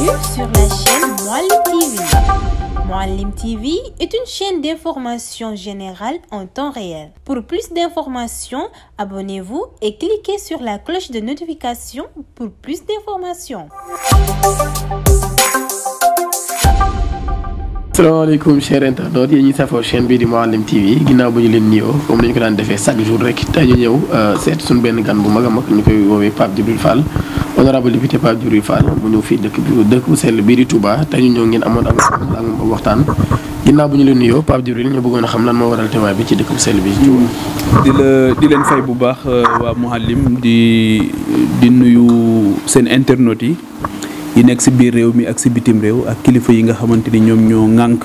bienvenue sur la chaîne Mouhalim TV. Mouhalim TV est une chaîne d'information générale en temps réel. Pour plus d'informations, abonnez-vous et cliquez sur la cloche de notification pour plus d'informations. salaamaaleykum chers internautes yéen ñi safoo chaîne bii di Mouhalim TV ginnaaw ba ñu leen nuyoo comme ni ñu ko daan defee chaque jour rek tey ñu ñëw euh, seet suñu benn gan bu mag a mag ñu koy woowee Pape Djibril Fall honorable député Pape Djibril Fall mu ñëw fii dëkk bi dëkk bu sell bii di Touba tey ñu ñëw ngeen amoon ak moom waxtaan ginnaaw bu ñu leen nuyoo Pape Djibril ñu bëggoon a xam lan moo waral teewaay bi ci dëkk bu sell bi di mm. la di leen bu baax euh, waa Mouhalim di di nuyu seen internautes yi yi nekk si biir réew mi ak si bitim réew ak kilifa yi nga xamante ni ñoom ñoo ŋànk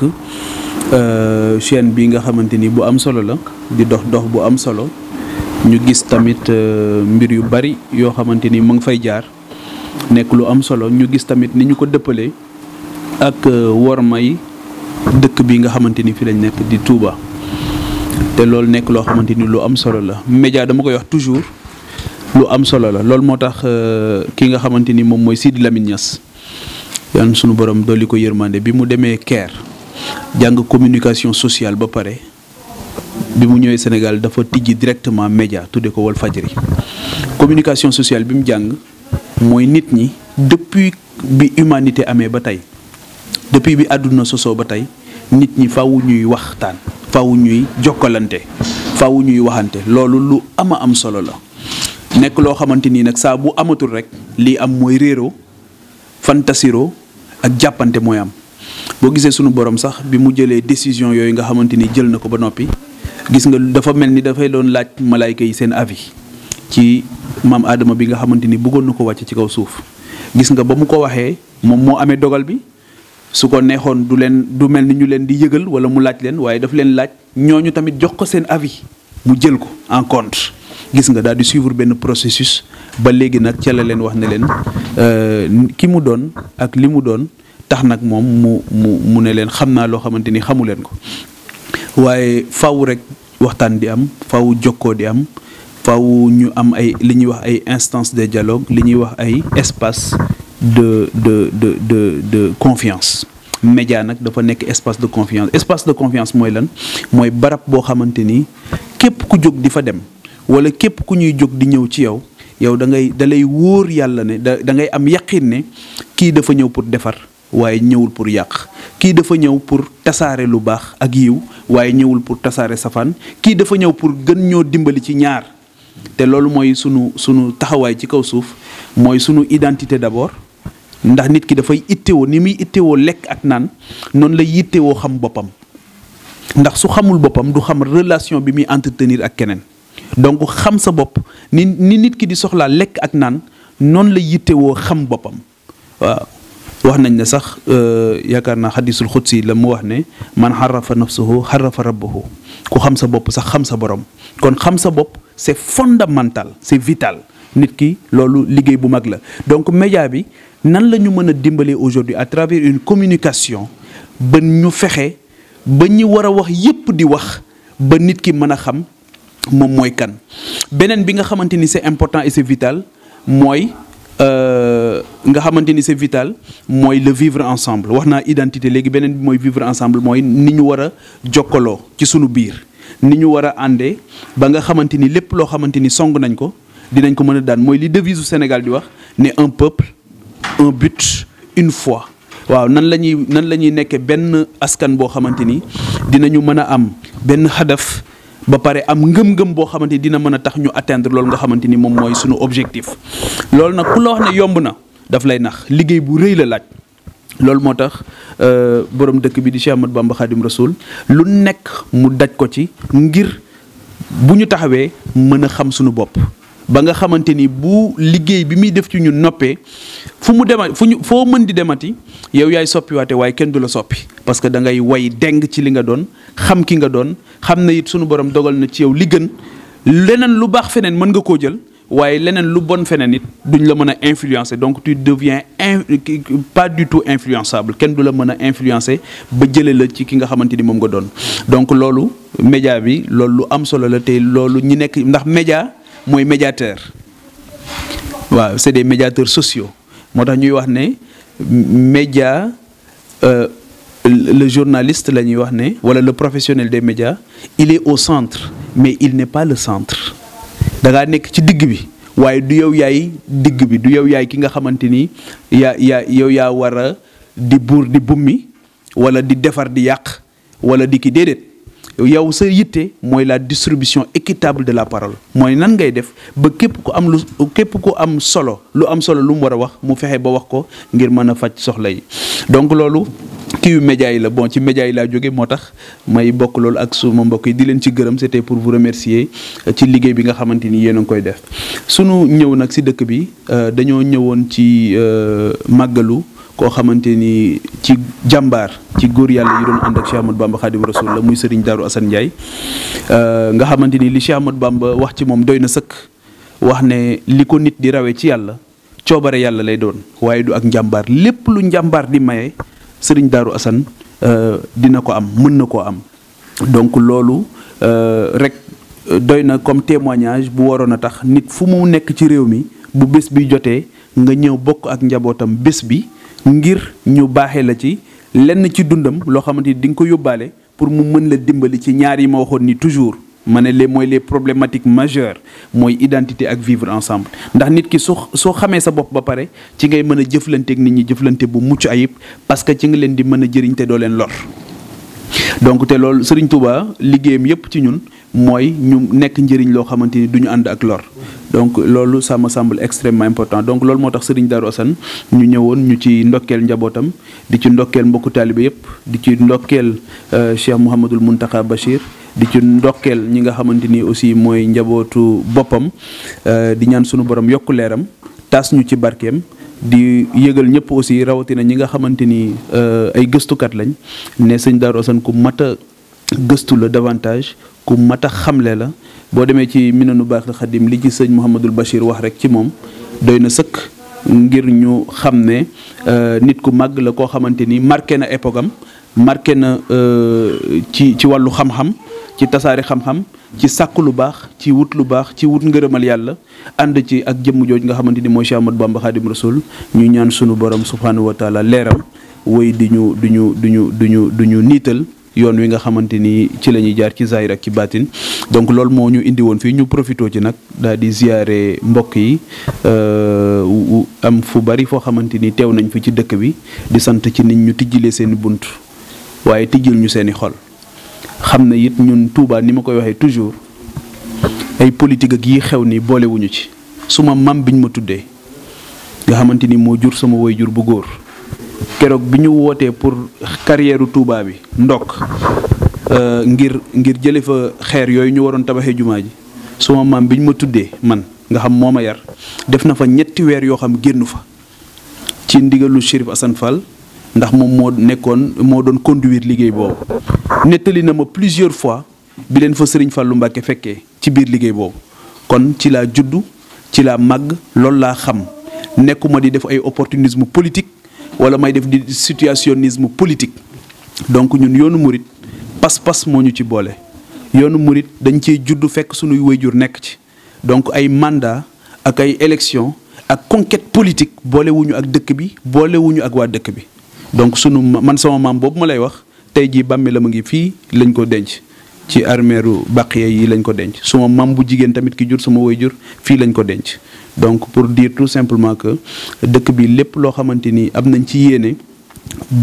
euh, chaîne bi nga xamante ni bu am solo la di dox dox bu am solo ñu gis tamit euh, mbir yu bari yoo xamante ni mu ngi fay jaar nekk lu am solo ñu gis tamit ni ñu ko dëppalee ak euh, wormay dëkk bi nga xamante ni fi lañ nekk di Touba te loolu nekk loo xamante ni lu am solo la média dama koy wax toujours lu am solo la loolu moo tax ki nga xamante ni moom mooy Sidi Lamine yal sunu borom dolli ko yërmande bi mu demee Caire jàng communication sociale ba pare bi mu ñëwee Sénégal dafa tijji directement média tudde ko Walfadjri communication sociale bi mu jàng mooy nit ñi depuis bi humanité amee ba tey depuis bi àdduna sosoo ba tey nit ñi faaw ñuy waxtaan faw ñuy jokkalante faw ñuy waxante loolu lu ama am solo la nekk loo xamante nii nag saa bu amatul rek lii am mooy réeroo fantasiroo ak jàppante mooy am boo gisee sunu borom sax bi mu jëlee décision yooyu nga xamante ni jël na ko ba noppi gis nga dafa mel ni dafay doon laaj malaayka yi seen avis ci maam Adama bi nga xamante ni bëggoon na ko wàcc ci kaw suuf gis nga ba mu ko waxee moom moo amee dogal bi su ko neexoon du leen du mel ni ñu leen di yëgal wala mu laaj leen waaye daf leen laaj ñooñu tamit jox ko seen avi mu jël ko en compte gis nga daal di suivre benn processus ba léegi nag ca la leen wax na leen euh, ki mu doon ak li mu doon tax nag moom mu mu mu ne leen xam naa loo xamante ni xamu leen ko waaye faw rek waxtaan di am faw jokkoo di am faw ñu am ay li ñuy wax ay instance de dialogue li ñuy wax ay espace de de de de de confiance média nag dafa nekk espace de confiance espace de confiance mooy lan mooy barab boo xamante ni képp ku jóg di fa dem wala képp ku ñuy jóg di ñëw ci yow yow da ngay da lay wóor yàlla ne da da ngay am yaqin ne kii dafa ñëw pour defar waaye ñëwul pour yàq kii dafa ñëw pour tasaare lu baax ak yiw waaye ñëwul pour tasaare safaan kii dafa ñëw pour gën ñoo dimbali ci ñaar te loolu mooy sunu sunu taxawaay ci kaw suuf mooy sunu identité d'abord ndax nit ki dafay ittewoo ni muy ittewoo lekk ak naan noonu lay yitte woo xam boppam ndax su xamul boppam du xam relation bi muy entretenir ak keneen donc xam sa bopp ni ni nit ki di soxlaa lekk ak naan noonu la yittewoo xam boppam waaw wax nañ ne sax euh, yaakaar naa xadisul si la mu wax ne man xarafa nafsuhu xarafa rabbahu ku xam sa bopp sax xam sa borom kon xam sa bopp c'est fondamental c'est vital nit ki loolu liggéey bu mag la donc média bi nan la ñu mën a dimbalee aujourd'hui à travers une communication ba ñu fexe ba ñi war a wax yépp di wax ba nit ki mën a xam moom mooy kan beneen bi nga xamante ni c'est important et c'est vital mooy euh, nga xamante ni c'est vital mooy le vivre ensemble wax naa identité léegi beneen bi mooy vivre ensemble mooy ni ñu war a jokkaloo ci sunu biir ni ñu war a àndee ba nga xamante ni lépp loo xamante ni song nañ ko dinañ ko mën a daan mooy li devise u Sénégal di wax ne un peuple un but une fois waaw nan la ñuy nan la ñuy nekkee benn askan boo xamante ni dinañu mën a am benn hadaf ba pare am ngëm-ngëm boo xamante ni dina mën a tax ñu atteindre loolu nga xamante ni moom mooy sunu objectif. loolu nag ku la wax ne yomb na daf lay nax liggéey bu rëy la laaj. loolu moo tax euh, borom dëkk bi di Cheikh Ahmadou Bamba Khadim Rasoul lu nekk mu daj ko ci ngir bu ñu taxawee mën a xam suñu bopp ba nga xamante ni bu liggéey bi muy def ci ñun noppee fu mu demati fu ñu foo mën di demati yow yaay soppiwaate waaye kenn du la soppi parce que da ngay way deng ci li nga doon xam ki nga doon xam na it sunu borom dogal na ci yow li gën leneen lu baax feneen mën nga koo jël waaye leneen lu bon feneen it duñ la mën a influencer donc tu deviens in pas du tout influençable kenn du la mën a influencer ba jëlee la ci ki nga xamante ni moom nga doon donc loolu média bi loolu lu am solo la te loolu ñi nekk ndax média mooy médiateur waaw c'est des médiateurs sociaux moo tax ñuy wax ne média euh, le journaliste la ñuy wax ne wala le professionnel des média il est au centre mais il n'est pas le centre da nekk ci digg bi waaye du yow yaay digg bi du yow yaay ki nga xamante ni ya ya yow yaa war a di buur di bummi wala di defar di yàq wala di ki déedéet yow sa yitte mooy la distribution équitable de la parole mooy nan ngay def ba képp ku am lu képp ku am solo lu am solo lu mu war a wax mu fexe ba wax ko ngir mën a faj soxla yi donc loolu kii média yi la bon ci média laa jóge moo tax may bokk loolu ak suma mbokk yi di leen ci gërëm c'était pour vous remercier euh, ci liggéey bi nga xamante ni yéen a koy def sunu ñëw nag si dëkk bi euh, dañoo ñëwoon ci euh, màggalu koo xamante ni ci jàmbaar ci góor yàlla yi doon ànd ak Cheikh Ahmadou Bamba Khadim Rasoul la muy Serigne Darou Assane Ndiaye euh, nga xamante ni li Cheikh Ahmadou Bamba wax ci moom doy na sëkk wax ne li ko nit di rawee ci yàlla coobare yàlla lay doon waaye du ak njàmbaar lépp lu njàmbaar di maye Serigne Darou Assane euh, dina ko am mën na koo am donc loolu euh, rek doy na comme témoignage bu waroon a tax nit fu mu nekk ci réew mi bu bés bi jotee nga ñëw bokk ak njabootam bés bi. ngir ñu baaxee la ci lenn ci dundam loo xamante ni di nga ko yóbbaale pour mu mën la dimbali ci ñaar yi ma waxoon ni toujours ma ne mooy les problématiques majeures mooy identité ak vivre ensemble ndax nit ki su soo xamee sa bopp ba pare ci ngay mën a jëflante ak nit ñi jëflante bu mucc ayib parce que ci nga leen di mën a jëriñ te doo leen lor. donc te loolu Serigne Touba liggéeyam yépp ci ñun mooy ñu nekk njëriñ loo xamante ni du ñu ànd ak lor donc loolu ça me semble extrêmement important donc loolu moo tax Serigne Darou Assane ñu ñëwoon ñu ci ndokkeel njabootam di ci ndokkeel mbokku taalibe yépp di ci ndokkeel euh, Cheikh Mouhamadul Mountakha Bachir di ci ndokkeel ñi nga xamante ni aussi mooy njabootu boppam euh, di ñaan sunu borom yokku leeram tas ñu ci barkeem di yëgal ñëpp aussi rawatina ñi nga xamante ni euh, ay gëstukat lañ ne sëñ Darou Assane ku mat a gëstu la davantage ku mat xamle la boo demee ci minanu baax xadim li ci sëñ Mouhamadul Bachir wax rek ci moom doy na sëkk. ngir ñu xam ne euh, nit ku màgg la koo xamante ni marqué na époque am marqué na euh, ci ci wàllu xam-xam ci tasaare xam-xam ci sàkk lu baax ci wut lu baax ci wut ngërëmal yàlla ànd ci ak jëmm jooj nga xamante ni mooy Cheikh Ahmadou Bamba Khadim Rasoul ñu ñaan sunu borom subhanahu wa taala leeram woy di ñu du ñu du ñu du ñu du niital yoon wi nga xamante ni ci la ñuy jaar ci zahir ak ci baatin donc loolu moo ñu indi woon fii ñu profitoo ci nag daal di ziyaare mbokk yi euh, am fu bari foo xamante ni teew nañ fi ci dëkk bi di sant ci nit ñu tijjilee seen i bunt waaye tijjil ñu seeni i xol xam na it ñun tuubaa ni ma koy waxee toujours ay politique ak yi xew ni boolewuñu ci su suma mam biñ ma tuddee nga xamante ni moo jur sama woy jur bu góor keroog bi ñu wootee pour carrière Touba bi ndokk euh, ngir ngir jële fa xeer yooyu ñu waroon tabaxee jumaa ji suma maam bi ñu ma tuddee man nga xam moo ma yar def na fa ñetti weer yoo xam génnu fa ci ndigalu Chérif Assane Fall ndax moom moo nekkoon moo doon conduire liggéey boobu nettali na ma plusieurs fois bi leen fa Serigne Fallou Mbacké fekkee ci biir liggéey boobu kon ci laa juddu ci laa màgg loolu laa xam nekkuma di def ay opportunisme politique wala may def di situationnisme politique donc ñun yoonu murit pas-pas moo ñu ci boole yoonu murit dañ ciy juddu fekk suñuy jur nekk ci donc ay mandat ak ay élection ak conquête politique boolewuñu ak dëkk bi boolewuñu ak waa dëkk bi donc sunu man sama maam boobu ma lay wax tey jii bàmmi la ma ngi fii lañ ko denc ci armeeru baqiya yi lañ ko denc suma mam bu jigéen tamit ki jur suma woy jur fii lañ ko denc donc pour dire tout simplement que dëkk bi lépp loo xamante ni am nañ ci yéene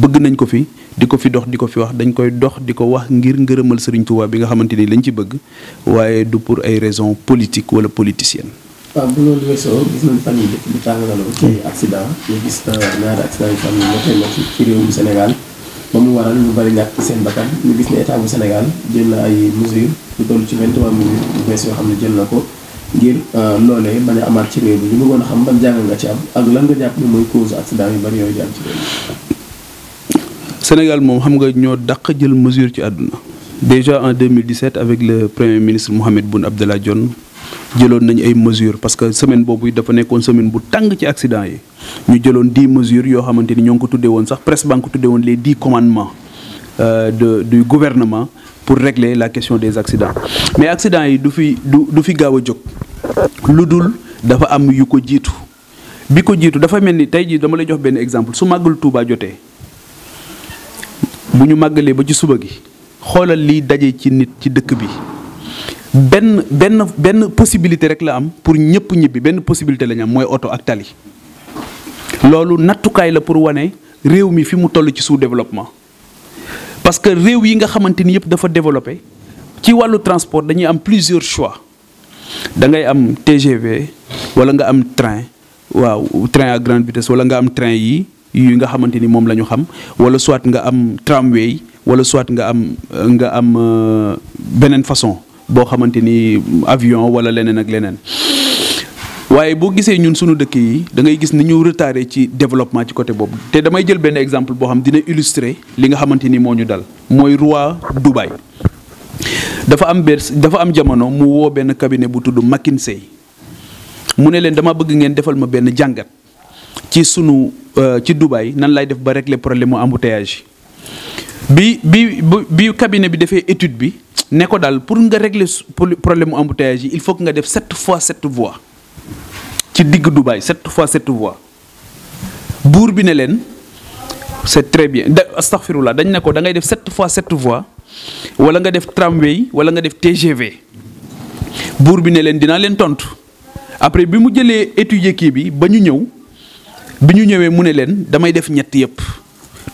bëgg nañ ko fi di ko fi dox di ko fi wax dañ koy dox di ko wax ngir ngërëmal Serigne Touba bi nga xamante ni lañ ci bëgg waaye du pour ay raisons politique wala politiciennes. waaw bu loolu weesoo gis nañ fan bi tàng na lool ci accident ñu gis ñaari accident yu fan yi méttee na ci ci réewum Sénégal ba mu waral ñu bari ñàkk seen bakkan ñu gis ne état bu ay mesures lu toll ci yoo xam ne jël na ko ngir euh, loolee bañ a amaat ci réew a xam ban jàng nga ci ak lan nga jàpp ni mooy cause accident yu bari yooyu moom xam nga ñoo daq jël mesure ci àdduna déjà en 2017 avec le premier ministre Mohamed Boun Abdallah Dionne jëloon nañu ay mesures parce que semaine boobu dafa nekkoon semaine bu tàng ci accident yi ñu jëloon dix mesures yoo xamante ni ñoo ngi ko tuddee woon sax presse banque tuddee woon les dix commandements euh, de du gouvernement pour régler la question des accidents mais accident yi du fi du du fi gaaw a jóg lu dul dafa am yu ko jiitu bi ko jiitu dafa mel ni tey jii dama lay jox benn exemple su màggal Touba jotee bu ñu màggalee ba ci suba gi xoolal liy daje ci nit ci dëkk bi. benn benn benn possibilité rek la am pour ñëpp ñibbi benn possibilité la am mooy oto ak tali loolu nattukaay la pour wane réew mi fi mu toll ci sous-développement parce que réew yi nga xamante ni yëpp dafa développé ci wàllu transport dañuy am plusieurs choix da ngay am TGV wala nga am train waaw train à grande vitesse wala nga am train yi yi nga xamante ni moom la ñu xam wala soit nga am tramway wala soit nga am nga am euh, beneen façon boo xamante ni avion wala leneen ak leneen waaye boo gisee ñun suñu dëkk yi da ngay gis ni ñu retardé ci développement ci côté boobu te damay jël benn exemple boo xam dina illustrer li nga xamante ni moo ñu dal mooy roi Dubaï dafa am bés dafa am jamono mu woo benn cabinet bu tudd McKinsey mu ne leen dama bëgg ngeen defal ma benn jàngat ci sunu euh, ci Dubaï nan lay def ba régler problème mu embouteillage bi bi bi cabinet bi defee étude bi. ne ko daal pour nga régler pour mu embouteillage il faut que nga def sept fois sept voies ci digg du Dubaï sept fois sept voies buur bi ne leen c'est très bien da astaghfirullah dañ ne ko dangay ngay def sept fois sept vois wala nga def tramway wala nga def TGV buur bi ne leen dinaa leen tontu après bi mu jëlee étudier kii bi ba ñu ñëw bi ñu ñëwee mu ne leen damay def ñett yépp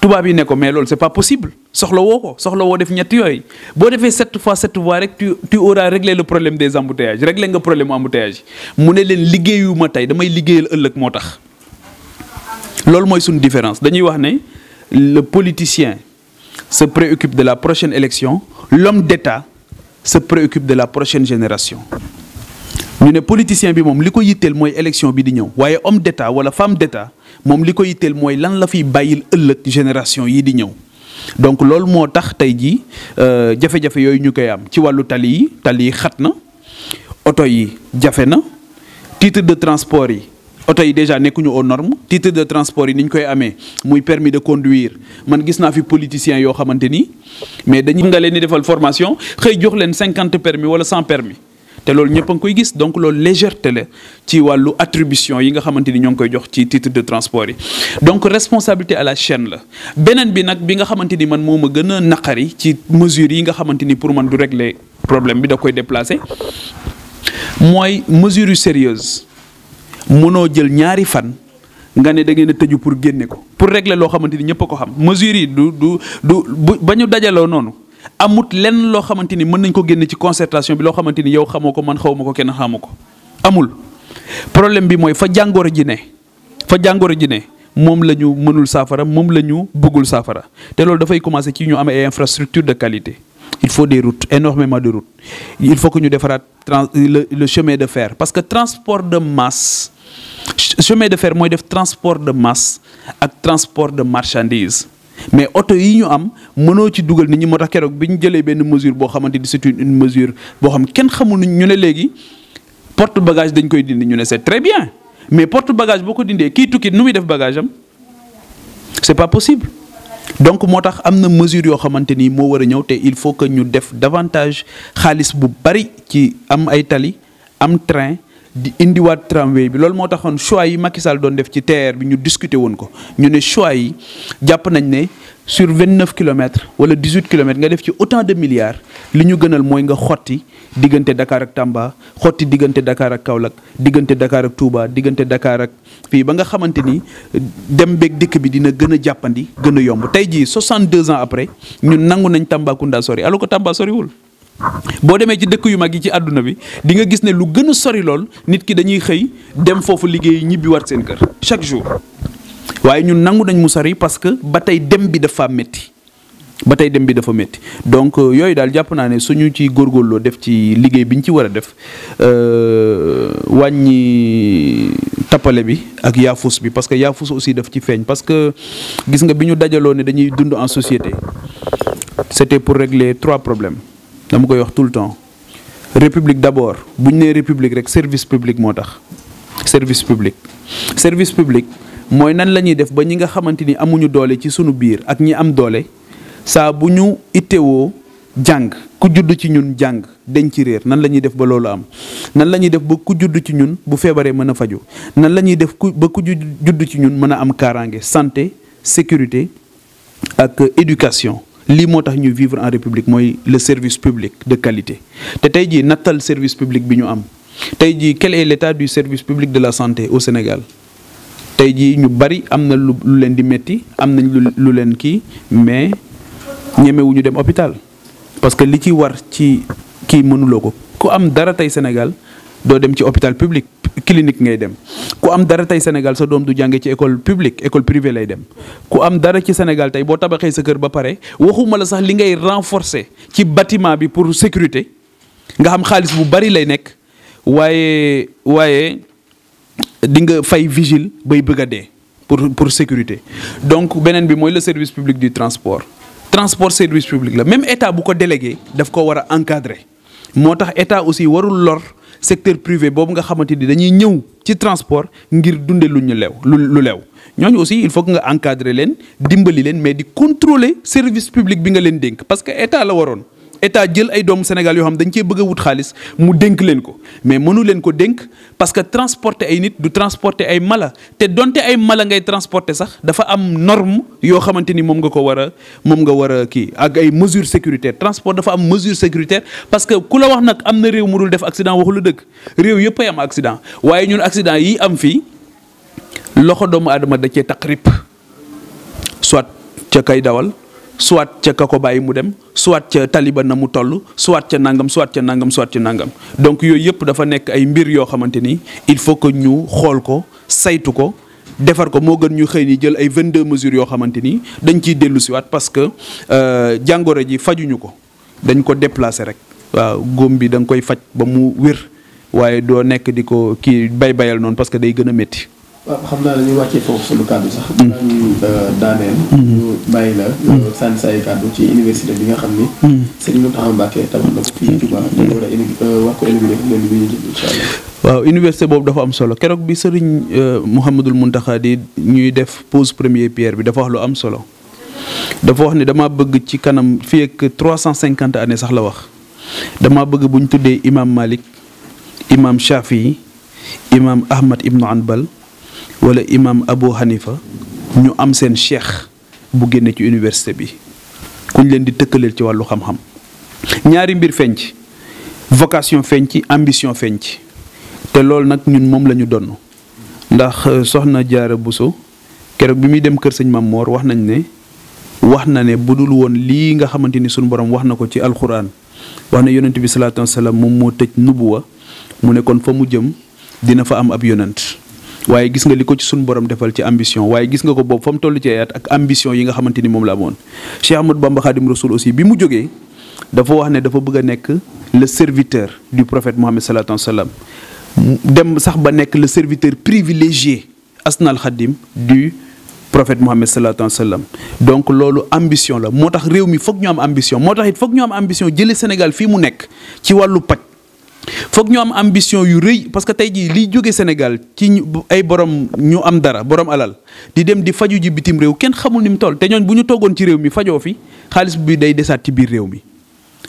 tubaab yi ne ko mais loolu c'est pas possible soxla woo ko soxla woo def ñett yooyu boo defee sept fois sept voies rek tu tu auras réglé le problème des embouteillages réglé nga problème embouteillage mu ne leen liggéeyu ma tey damay liggéeyal ëllëg moo tax loolu mooy suñu différence dañuy wax ne le politicien se préoccupe de la prochaine élection l'homme d'État se préoccupe de la prochaine génération ñu ne politicien bi moom li ko yitteel mooy élection bi di ñëw waaye homme d'État wala femme d'État moom li ko yitteel mooy lan la fiy bàyyil ëllëg génération yii di ñëw donc loolu moo tax tey jii euh, jafe-jafe yooyu ñu koy am ci wàllu tali yi tali yi xat na oto yi jafe na titre de transport yi oto yi déjà nekkuñu aux normes titre de transport yi ni ñu koy amee muy permis de conduire man gis naa fi politiciens yoo xamante ni mais dañu nga leen di defal formation xëy jox leen cinquante permis wala cent permis te loolu ñëpp a ngi koy gis donc loolu légèreté la ci wàllu attribution yi nga xamante ni ñoo ngi koy jox ci titre de transport yi donc responsabilité à la chaîne la beneen bi nag bi nga xamante ni man moom a gën a naqari ci mesures yi nga xamante ni pour man du régler problème bi da koy déplacer mooy mesure yu sérieuse mënoo jël ñaari fan nga ne da ngeen a tëju pour génne ko pour régler loo xamante ni ñëpp a ko xam mesure yi du du bu ba ñu dajaloo noonu. amut lenn loo xamante ni mën nañ ko génne ci concertation bi loo xamante ni yow xamoo ko man xaw ma ko kenn xamu ko amul problème bi mooy fa jàngoro ji ne fa jàngoro ji ne moom la ñu mënul saafara moom la ñu bëggul saafara te loolu dafay commencer ci ñu amee ay infrastructure de qualité il faut des routes énormément de routes il faut que ñu defaraat trans le, le chemin de fer parce que transport de masse chemin de fer mooy def transport de masse ak transport de marchandise mais oto yi ñu am mënoo ci dugal nit ñi moo tax keroog bi ñu jëlee benn mesure boo xamante ni c'est une mesure boo xam kenn xamul ñu ne léegi porte bagage dañ koy dindi ñu ne c'est très bien mais porte bagage boo ko dindee kii tukki nu muy def bagage am c'est pas possible. donc moo tax am na mesure yoo xamante ni moo war a ñëw te il faut que ñu def davantage xaalis bu bari ci am ay tali am train. di indiwaat tramway bi loolu moo taxoon choix yi Macky Sall doon def ci TER bi ñu discuter woon ko ñu ne choix yi jàpp nañ ne sur vingt neuf kilomètres wala dix huit kilomètres nga def ci autant de milliards li ñu gënal mooy nga xotti diggante dakaar ak Tamba xotti diggante dakaar ak Kaolack diggante Dakar ak Touba diggante Dakar ak fii ba nga xamante ni dem beeg dikk bi dina gën a jàppandi gën a yomb tey jii soixante deux ans après ñun nangu nañ Tambacounda sori alors que Tamba soriwul. boo demee ci dëkk yu mag yi ci àdduna bi di nga gis ne lu gën a sori lool nit ki dañuy xëy dem foofu liggéey ñibbi war seen kër chaque jour waaye ñun nangu nañ mu sori parce que ba tey dem bi dafa métti ba tey dem bi dafa métti donc euh, yooyu daal jàpp naa ne suñu ci góorgóorloo def ci liggéey bi ñu ci war a def euh, wàññi tappale bi ak yaafus bi parce que yaafus aussi daf ci feeñ parce que gis nga bi ñu dajaloo ne dañuy dund en société c'était pour régler trois problèmes dama koy wax tout le temps république d'abord bu ñu nee république rek service publique moo tax service publique service publique mooy nan la ñuy def ba ñi nga xamante ni amuñu doole ci sunu biir ak ñi am doole saa bu ñu ittewoo jàng ku judd ci ñun jàng dañ ci réer nan la ñuy def ba loolu am nan la ñuy def ba ku judd ci ñun bu feebaree mën a faju nan la ñuy def ku ba ku judd ci ñun mën a am kaaraange santé sécurité ak éducation. lii moo tax ñu vivre en république mooy le service public de qualité te tey jii nattal service public bi ñu am tey jii quel est l'état du service public de la santé au Sénégal tey jii ñu bari am na lu leen di metti am nañ lu leen kii mais ñemewuñu dem hôpital parce que li ci war ci kii mënuloo ko ku am dara tey Sénégal doo dem ci hôpital public clinique ngay dem ku am dara tey Sénégal sa doom du jànge ci école publique école privée lay dem ku am dara ci Sénégal tey boo tabaxee sa kër ba pare waxuma la sax li ngay renforcer ci batiment bi pour sécurité nga xam xaalis bu bari lay nekk waaye waaye di nga fay vigile bay bëgg a dee pour pour sécurité donc beneen bi mooy la service public du transport transport service public la même état bu ko délégué daf ko war a encadrer moo tax état aussi warul lor. secteur privé boobu nga xamante ni dañuy ñëw ci transport ngir dunde lu ñu lew lu lu lew ñooñu aussi il faut que nga encadrer leen dimbali leen mais di contrôler service public bi nga leen dénk parce que état la waroon état jël ay doomu Sénégal yoo xam dañ cee bëgg a wut xaalis mu dénk leen ko mais mënu leen ko dénk parce que transporter ay nit du transporter ay mala te donte ay mala ngay transporter sax dafa am norme yoo xamante ni moom nga ko war a moom nga war a kii ak ay mesures sécuritaires transport dafa am mesure sécuritaire parce que ku la wax nag am na réew mu dul def accident waxu la dëkk réew yëpp ay am accident waaye ñun accident yi am fii loxo doomu aadama da cee taqrib soit ca kay soit ca ka ko bàyyi mu dem soit ca taliba na mu toll soit ca nangam soit ca nangam soit nangam donc yooyu yëpp dafa nekk ay mbir yoo xamante ni il faut que ñu xool ko saytu ko defar ko moo gën ñu xëy ni jël ay 22 mesures yoo xamante ni dañ ciy dellu siwaat parce que euh, jàngoro ji fajuñu ko dañ ko déplacer rek waaw góom bi da nga koy faj ba mu wér waaye doo nekk di ko kii bay bayal noonu parce que day gën a métti waaw xam naa dañuy wàccee foofu sunu kàddu sax. daañu mm. euh, daaneel. Mm-hmm. ñu bàyyi la. Mm-hmm. Euh, sànni say kàddu ci université bi nga xam ni. Mm-hmm. Serigne Mountakha a indi euh, war ko inaugurer leen bi boobu dafa am solo keroog bi Serigne Mouhamadul Mountakha di ñuy def pose premier pierre bi dafa wax lu am solo dafa wax ne damaa bëgg ci kanam fii ak trois cent cinquante années sax la wax damaa bëgg bu tuddee imaam Malik imaam Shafi imaam Ahmad Ibnu Anbal. wala imam Abu Hanifa ñu am seen cheikh bu génne ci université bi kuñ leen di tëkkaleel ci wàllu xam-xam ñaari mbir feeñ vocation feeñ ci ambition feeñ te loolu nag ñun moom la ñu donn ndax euh, soxna jaar Jaara Buso keroog bi muy dem kër sëñ Mam Moor wax nañ ne wax na ne bu dul woon lii nga xamante ni suñu borom wax na ko ci alxuraan wax ne yonent bi salaatu wasalaam moom moo tëj wa mu ne kon fa mu jëm dina fa am ab yonent waaye gis nga li ko ci suñu borom defal ci ambition waaye gis nga ko boobu fa mu toll ci ay at ak ambition yi nga xamante ni moom la amoon Cheikh Ahmadou Bamba Khadim Rasoul aussi bi mu jógee dafa wax ne dafa bëgg a nekk la serviteur du prophète Mohammed sallallahu alayhi wa sallam dem sax ba nekk le serviteur privilégié asnal Khadim du prophète Mohammed sallallahu alayhi wa sallam donc loolu ambition la moo tax réew mi foog ñu am ambition moo tax it foog ñu am ambition jële Sénégal fii mu nekk ci wàllu paj foog ñu am ambition yu rëy parce que tey jii liy jóge Sénégal ci ay borom ñu am dara borom alal di dem di faju ji bitim réew kenn xamul ni mu toll te ñooñ bu ñu toogoon ci réew mi fajoo fi xaalis bi day desaat ci biir réew mi.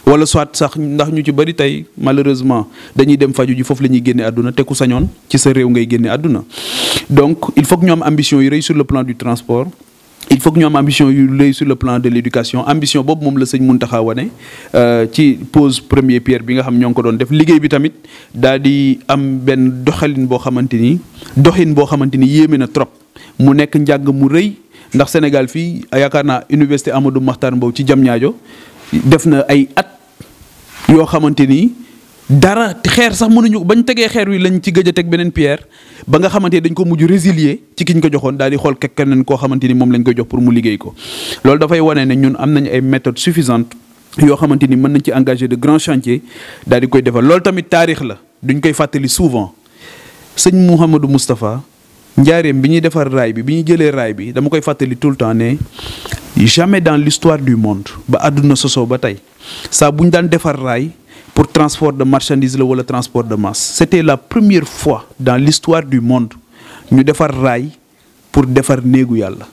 wala soit sax ndax ñu ci bëri tey malheureusement dañuy dem faju ji foofu la ñuy génne àdduna te ku sañoon ci sa réew ngay génne àdduna donc il faut que ñu am ambition yu rëy sur le plan du transport. il faut que ñu am ambition yu lay sur le plan de l'éducation ambition boobu moom la sëñ Mountakha wane euh, ci pose premier pierre bi nga xam ñoo ngi ko doon def liggéey bi tamit daal di am benn doxalin boo xamante ni doxin boo xamante ni yéeme na trop mu nekk njàng mu rëy ndax Sénégal fii yaakaar naa université Amadou Mahtar Mbow ci ñaajo def na ay at yoo xamante ni. dara xeer sax mënuñu bañ tegee xeer wi lañu ci gëj a teg beneen pierre ba nga xamante dañ ko mujj résilier ci kiñ ko joxoon daal di xool nañ koo xamante ni moom lañ ko jox pour mu liggéey ko. loolu dafay wane ne ñun am nañu ay méthodes suffisantes yoo xamante ni mën nañ ci engagé de grands chantiers daal di koy defal loolu tamit taarix la duñ koy fàttali souvent sëñ Mouhamadou Moustapha njaareem bi ñuy defar raay bi bi ñuy jëlee raay bi dama koy fàttali tout le temps ne. jamais dans l'histoire du monde ba àdduna sosoo ba tey saa bu ñu daan defar raay pour transport de marchandises la wala transport de masse c'était la première fois dans l'histoire du monde ñu defar raay pour defar néegu yàlla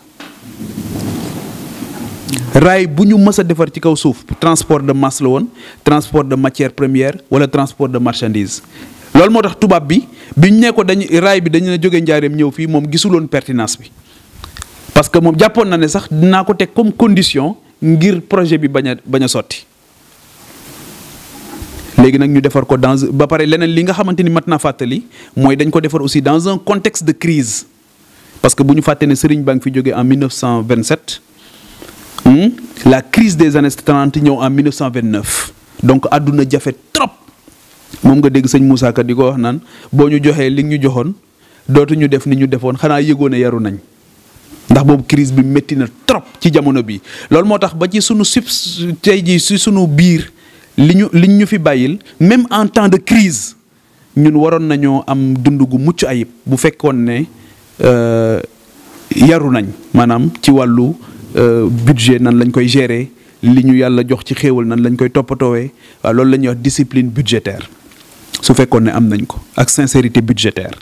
raay bu ñu mës a defar ci kaw suuf transport de masse la woon transport de matière première wala transport de marchandise loolu moo tax tubaab bi bi ñu ko dañu raay bi dañu la jógee njaareem ñëw fii moom gisuloon pertinence bi parce que moom jàppoon na ne sax dinaa ko teg comme condition ngir projet bi bañ bañ a sotti léegi nag ñu defar ko dans ba pare leneen li nga xamante ni mat naa fàttali mooy dañ ko defar aussi dans un contexte de crise parce que bu ñu fàtte ne Serigne Ba ngi fi jógee en 1927 hmm, la crise des années trent ñëw en 1929 donc àdduna jafe trop moom nga dégg sëñ Moussa Ka di ko wax naan boo ñu joxee li ñu joxoon dootuñu def ni ñu defoon xanaa yëgoon ne yaru nañ ndax boobu crise bi métti na trop ci jamono bi loolu moo tax ba ci sunu sub tey ji si sunu biir. li ñu liñ ñu fi bàyyil même en temps de crise ñun waroon nañoo am dund gu mucc ayib bu fekkoon ne euh, yaru nañ maanaam ci wàllu euh, budget nan lañ koy gérer li ñu yàlla jox ci xéewal nan lañ koy toppatoowee waaw loolu la ñuy wax discipline budgétaire su fekkoon ne am nañ ko ak sincérité budgétaire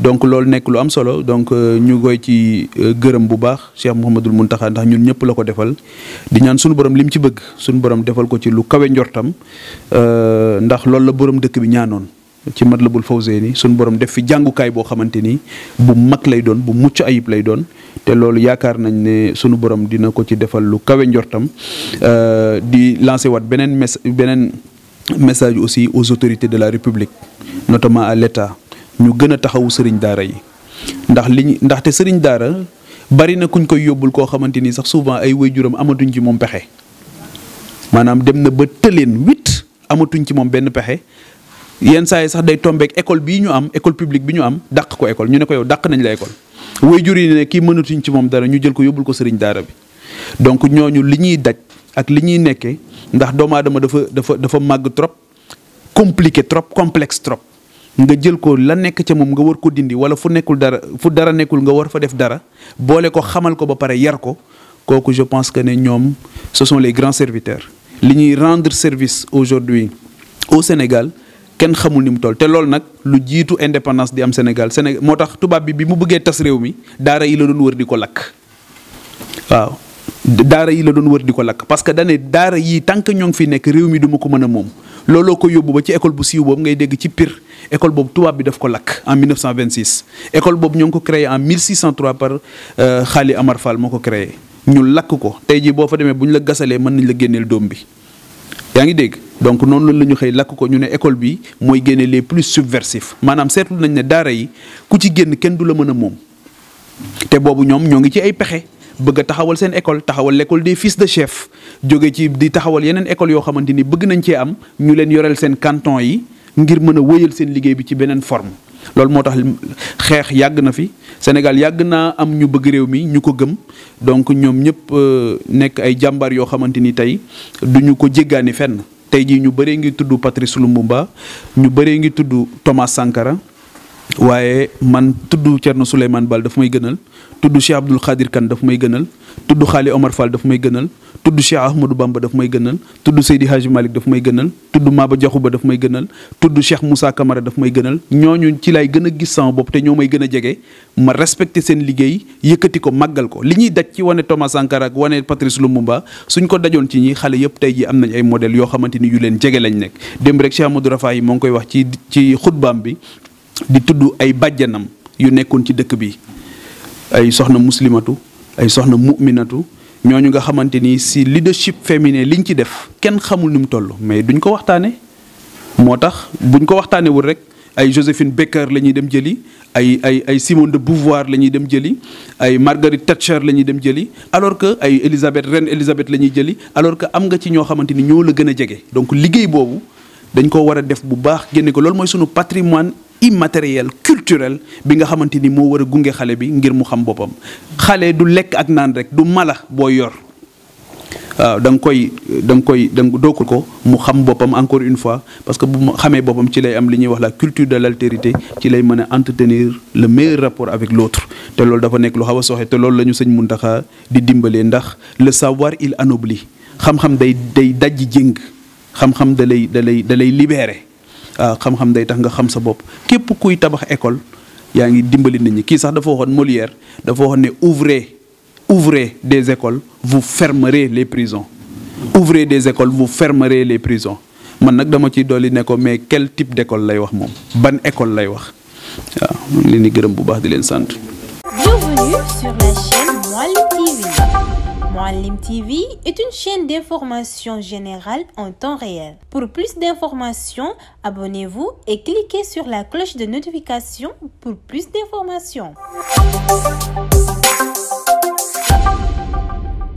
donc loolu nekk lu am solo donc euh, ñu koy ci euh, gërëm bu baax Cheikh mun Mountakha ndax ñun ñëpp la ko defal di ñaan suñu borom li mu ci bëgg suñu borom defal ko ci lu kawe njortam euh, ndax loolu la borom dëkk bi ñaanoon ci Matlabul Fawzeyni suñu borom def fi jàngukaay boo xamante ni bu mag lay doon bu mucc ayib lay doon te loolu yaakaar nañ ne sunu borom dina ko ci defal lu kawe njortam di lancer waat beneen mes beneen. message aussi aux autorités de la République notamment à l'État ñu gën a taxawu sëriñ daara yi ndax li liñ ndaxte sëriñ daara bari na kuñ koy yóbbul koo xamante ni sax souvent ay way juram amatuñ ci moom pexe maanaam dem na ba tëleen huit amatuñ ci moom benn pexe yenn saa yi sax day tombeek école bii ñu am école publique bi ñu am dàq ko école ñu ne ko yow dàq nañ la école jur yi ne kii mënatuñ ci moom dara ñu jël ko yóbbul ko sëriñ daara bi donc ñooñu li ak li ñuy nekkee ndax doomu aadama dafa dafa dafa màgg trop compliqué trop complexe trop nga jël ko la nekk ca moom nga war ko dindi wala fu nekkul dara fu dara nekkul nga war fa def dara boole ko xamal ko ba pare yar ko kooku je pense que ne ñoom ce sont les grands serviteurs li ñuy rendre service aujourd'hui au Sénégal kenn xamul ni mu toll te loolu nag lu jiitu indépendance di am Sénégal Sénégal moo tax tubaab bi bi mu bëggee tas réew mi daara yi la doon wër di ko lakk waaw daara yi la doon wër di ko lakk parce que dane daara yi tant que ñoo ngi fi nekk réew mi du ma ko mën a moom looloo ko yóbbu ba ci école bu siiw boobu ngay dégg ci Pire école boobu tubaab bi daf ko lakk en 1926 école boobu ñoo ngi ko créé en 1603 par euh, Xaali Amar Fall moo ko créé ñu lakk ko tey jii boo fa demee bu ñu la gasalee mën nañ la génneel doom bi yaa ngi dégg donc noonu la ñu xëy lakk ko ñu ne école bi mooy génne les plus subversifs maanaam seetlu nañ ne daara yi ku ci génn kenn du la mën a moom te boobu ñoom ñoo ngi ci ay pexe bëgg a taxawal seen école taxawal lekkool des fils de chef jóge ci di taxawal yeneen école yoo xamante ni bëgg nañ cee am ñu leen yoreel seen canton yi ngir mën a wéyal seen liggéey bi ci beneen forme loolu moo tax xeex yàgg na fi Sénégal yàgg naa am ñu bëgg réew mi ñu ko gëm donc ñoom ñëpp euh, nekk ay jàmbaar yoo xamante ni tey du ñu ko jéggaani fenn tey jii ñu bëree ngi tudd Patrice Lumumba ñu bëree ngi tudd Thomas Sankara waaye man tudd Thierno Souleymane Bal daf may gënal tudd Cheikh Abdoul Khadir Kane daf may gënal tudd Xaali Omar Fall daf may gënal tudd Cheikh Ahmadou Bamba daf may gënal tudd Seydi Hadji Malick daf may gënal tudd Maba Diakhou Ba daf may gënal tudd Cheikh Moussa Camara daf may gënal ñoo ñooñu ci laay gën a gis sama bopp te ñoo may gën a jege ma respecte seen liggéey yëkkati ko màggal ko li ñuy daj ci wane Thomas Sankara ak wane Patrice Lumumba suñ ko dajoon ci ñi xale yëpp tey ji am nañ ay modèles yoo xamante ni yu leen jege lañ nekk démb rek Cheikh Amadou Rafahi moo ngi koy wax ci ci xutbaam bi di tudd ay bàjjanam yu nekkoon ci dëkk bi ay soxna muslimatu ay soxna mu'minatu ñu nga xamante ni si leadership féminin liñ ci def kenn xamul ni mu toll mais duñ ko waxtaane moo tax buñ ko wul rek ay Joséphine Baker la ñuy dem jëli ay ay ay Simone de Beauvoir la ñuy dem jëli ay Margaret Thatcher la ñuy dem jëli alors que ay Elizabeth reine Elizabeth la ñuy jëli alors que am nga ci ñoo xamante ni ñoo la gën a jege donc liggéey boobu dañ ko war a def bu baax génne ko loolu mooy sunu patrimoine immatériel culturel bi nga xamante ni moo war a gunge xale bi ngir mu xam boppam xale du lekk ak naan rek du mala boo yor waaw da koy da koy da nga dookul ko mu xam boppam encore une fois parce que bu ma xamee boppam ci lay am li ñuy wax la culture de l'altérité ci lay mën a entretenir le meilleur rapport avec l'autre te loolu dafa nekk lu xaw a soxe te loolu la ñu sëñ Muntaxa di dimbalee ndax le savoir il anoblit xam-xam day day dajji jéng xam-xam da lay da lay da lay libéré Ah, xam-xam day tax nga xam sa bopp képp kuy tabax école yaa ngi dimbali nit ñi kii sax dafa waxoon Molière dafa waxoon ne ouvrez ouvrez des écoles vous fermerez les prisons ouvrez des écoles vous fermerez les prisons man nag dama ciy dolli ne ko mais quel type d'école lay wax moom ban école lay wax waaw leen di gërëm bu baax di leen sant. Mouhalim TV est une chaîne d'information générale en temps réel. Pour plus d'informations, abonnez-vous et cliquez sur la cloche de notification pour plus d'informations.